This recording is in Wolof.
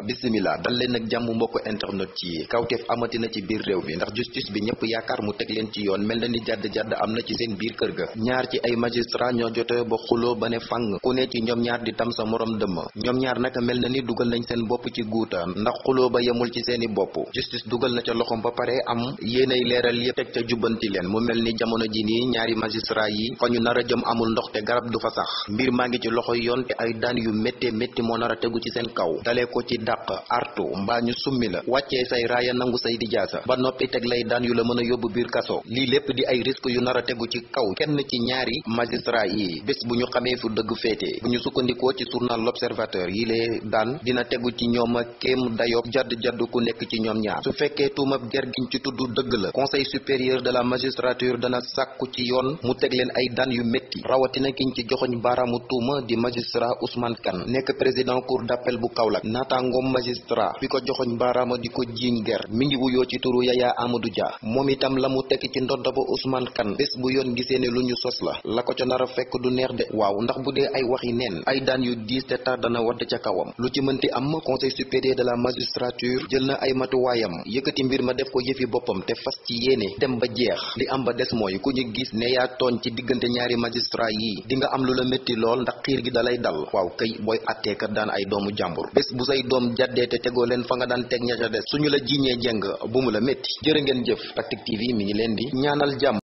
bisimila dal leen nag jàmm mbokk internet ci kawteef amati na ci biir réew mi ndax justice bi ñëpp yaakaar mu teg leen ci yoon mel na ni jàdd-jàdd am na ci seen biir kër ga ñaar ci ay magistrat ñoo jote ba xuloo ba ne fàng ku ne ci ñoom ñaar di tam sa moroom dëmm ñoom ñaar nag mel na ni dugal nañ seen bopp ci guuta ndax xuloo ba yemul ci seeni bopp justice dugal na ca loxom ba pare am yéenay leeral yëpp teg ca jubbanti leen mu mel ni jamono ji nii ñaari magistrat yi fa ñu nar a jëm amul ndox te garab du fa sax mbir maa ngi ci loxoy yoon ay daan yu métte métti moo nar a tegu ci seen kaw dàq artu mbaa ñu summi la wàccee say raaya nangu say dijaasa ba noppi teg lay daan yu la mën a yóbbu biir kaso lii lépp di ay risque yu nar a tegu ci kaw kenn ci ñaari magistrat yi bés bu ñu xamee fu dëgg féete bu ñu sukkandikoo ci journal l'observateur yi lee daan dina tegu ci ñoom a kéem dayoo jadd jadd ku nekk ci ñoom ñaar su fekkee tuumab ger giñ ci tuddu dëgg la conseil supérieur de la magistrature dana sàkku ci yoon mu teg leen ay daan yu métti rawatina kiñ ci joxoñ baaraamu tuuma di magistrat Ousmane Kane nekk président cour d'appel bu ngom magistrat bi ko joxoñ baaraama di ko jiiñ ger mi ngi wuyoo ci turu ya Amadou Dia moom itam la mu tekk ci ndodda ba Ousmane Kane bés bu yoon gisee ne lu ñu sos la la ko ca nar fekk du neex de waaw ndax bu dee ay waxi neen ay daan yu diis te tar dana wadd ca kawam lu ci mënti am conseil supérieur de la magistrature jël na ay matuwaayam yëkkati mbir ma def ko yëfi boppam te fas ci yéene dem ba jeex li am ba des mooy ku ñu gis ne yaa tooñ ci diggante ñaari magistrat yii di nga am lu la métti lool ndax xiir gi dalay dal waaw kay booy atteekat daan ay doomu jàmbur doom jàddee te tegoo leen fa nga daan teg ña ca des suñu la jiiñee jeng bu mu la métti jërë ngeen jëf Tactic TV